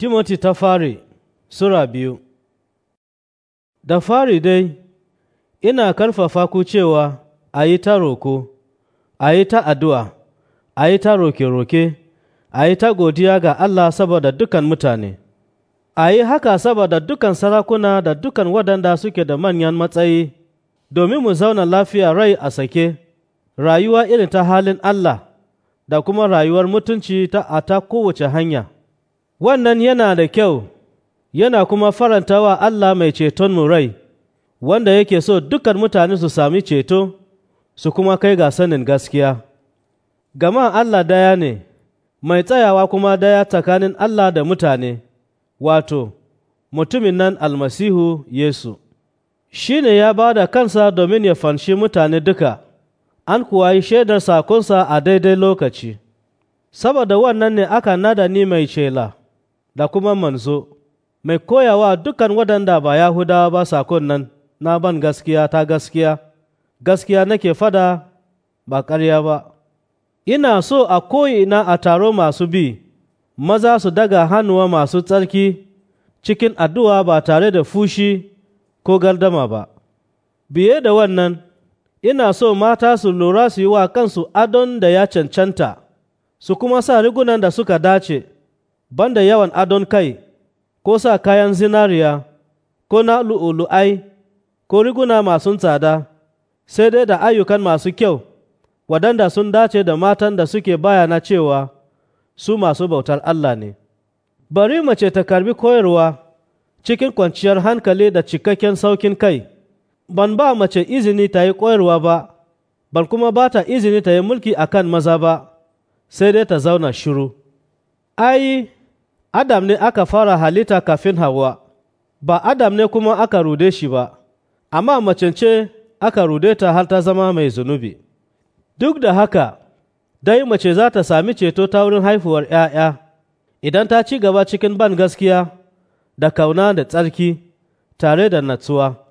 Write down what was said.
Timoti ta fari Sura biyu Da fari dai, ina karfafa ku cewa a yi ta roko, a yi ta addu'a, a yi ta roke-roke, a yi ta godiya ga Allah saboda dukan mutane, a yi haka saboda dukan sarakuna da dukan waɗanda suke da manyan matsayi, domin mu zauna lafiya rai a sake, rayuwa irin ta halin Allah da kuma rayuwar mutunci ta a ta kowace hanya. wannan yana da kyau yana kuma faranta wa Allah mai ceton mu rai wanda yake so dukkan mutane su sami ceto su kuma kai ga sanin gaskiya gama Allah daya ne mai tsayawa kuma daya tsakanin Allah da mutane wato mutumin nan almasihu Yesu shi ne ya ba da kansa domin ya fanshi mutane duka an kuwa yi shaidar sakonsa a daidai lokaci saboda wannan ne aka nada ni mai cela. da kuma manzo mai koyawa dukan waɗanda ba Yahudawa ba sakon nan na ban gaskiya ta gaskiya, gaskiya nake fada ba karya ba. Ina so a ko'ina a taro masu bi, maza su daga hannuwa masu tsarki cikin addu'a ba tare da fushi ko gardama ba. Biye da wannan, ina so mata su lura su yi wa kansu adon da ya cancanta, su kuma sa rigunan da suka dace. banda yawan adon kai ko sa kayan zinariya ko na lu'ulu'ai ko riguna masu tsada sai dai da ayyukan masu kyau waɗanda sun dace da matan da suke bayana cewa su masu bautar Allah ne bari mace ta karbi koyarwa cikin kwanciyar hankali da cikakken saukin kai ban ba mace izini ta yi koyarwa ba ban kuma ba ta izini ta yi mulki a kan maza ba sai dai ta zauna shiru ai Adam ne aka fara halitta kafin Hawa, ba Adam ne kuma aka rude shi ba, amma mace ce aka rude ta har ta zama mai zunubi. Duk da haka, dai mace za ta sami ceto ta wurin haifuwar ‘ya'ya, idan ta ci gaba cikin ban gaskiya da kauna da tsarki tare da natsuwa.